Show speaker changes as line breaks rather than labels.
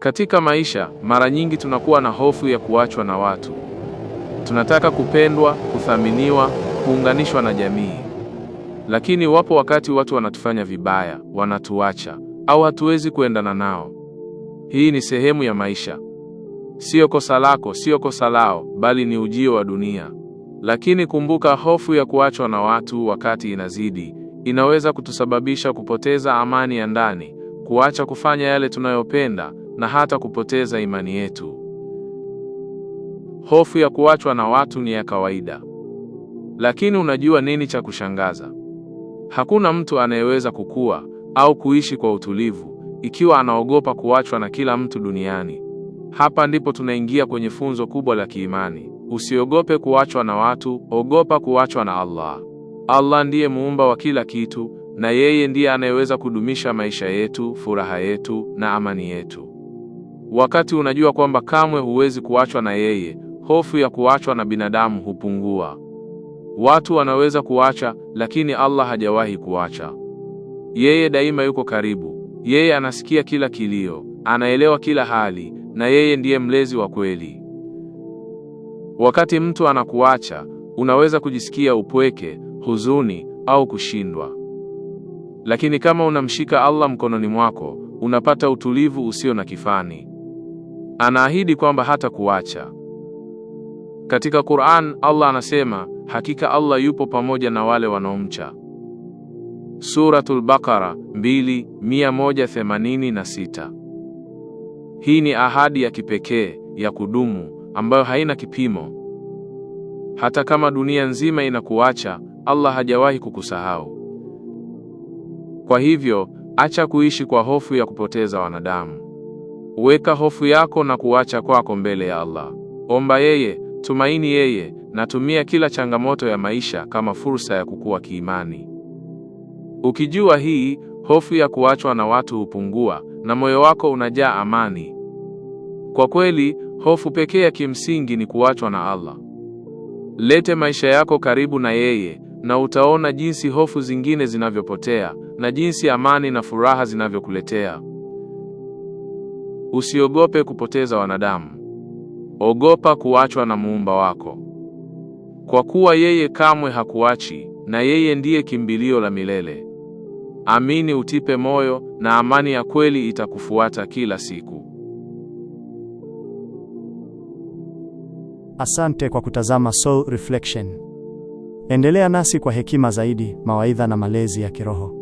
Katika maisha mara nyingi tunakuwa na hofu ya kuachwa na watu. Tunataka kupendwa, kuthaminiwa, kuunganishwa na jamii, lakini wapo wakati watu wanatufanya vibaya, wanatuacha au hatuwezi kuendana nao. Hii ni sehemu ya maisha, sio kosa lako, sio kosa lao, bali ni ujio wa dunia. Lakini kumbuka, hofu ya kuachwa na watu wakati inazidi inaweza kutusababisha kupoteza amani ya ndani, kuacha kufanya yale tunayopenda na hata kupoteza imani yetu. Hofu ya kuachwa na watu ni ya kawaida, lakini unajua nini cha kushangaza? Hakuna mtu anayeweza kukua au kuishi kwa utulivu ikiwa anaogopa kuachwa na kila mtu duniani. Hapa ndipo tunaingia kwenye funzo kubwa la kiimani: usiogope kuachwa na watu, ogopa kuachwa na Allah. Allah ndiye muumba wa kila kitu, na yeye ndiye anayeweza kudumisha maisha yetu, furaha yetu na amani yetu. Wakati unajua kwamba kamwe huwezi kuachwa na yeye, hofu ya kuachwa na binadamu hupungua. Watu wanaweza kuacha, lakini Allah hajawahi kuacha. Yeye daima yuko karibu, yeye anasikia kila kilio, anaelewa kila hali, na yeye ndiye mlezi wa kweli. Wakati mtu anakuacha, unaweza kujisikia upweke, huzuni au kushindwa, lakini kama unamshika Allah mkononi mwako, unapata utulivu usio na kifani anaahidi kwamba hata kuacha. Katika Qur'an Allah anasema, hakika Allah yupo pamoja na wale wanaomcha. Suratul Baqara 2186. Hii ni ahadi ya kipekee ya kudumu ambayo haina kipimo. Hata kama dunia nzima inakuacha, Allah hajawahi kukusahau. Kwa hivyo, acha kuishi kwa hofu ya kupoteza wanadamu. Weka hofu yako na kuacha kwako mbele ya Allah. Omba yeye, tumaini yeye, na tumia kila changamoto ya maisha kama fursa ya kukua kiimani. Ukijua hii, hofu ya kuachwa na watu hupungua na moyo wako unajaa amani. Kwa kweli, hofu pekee ya kimsingi ni kuachwa na Allah. Lete maisha yako karibu na yeye na utaona jinsi hofu zingine zinavyopotea na jinsi amani na furaha zinavyokuletea. Usiogope kupoteza wanadamu, ogopa kuachwa na muumba wako, kwa kuwa yeye kamwe hakuachi na yeye ndiye kimbilio la milele. Amini, utipe moyo na amani ya kweli itakufuata kila siku.
Asante kwa kutazama Soul Reflection. Endelea nasi kwa hekima zaidi, mawaidha na malezi ya kiroho.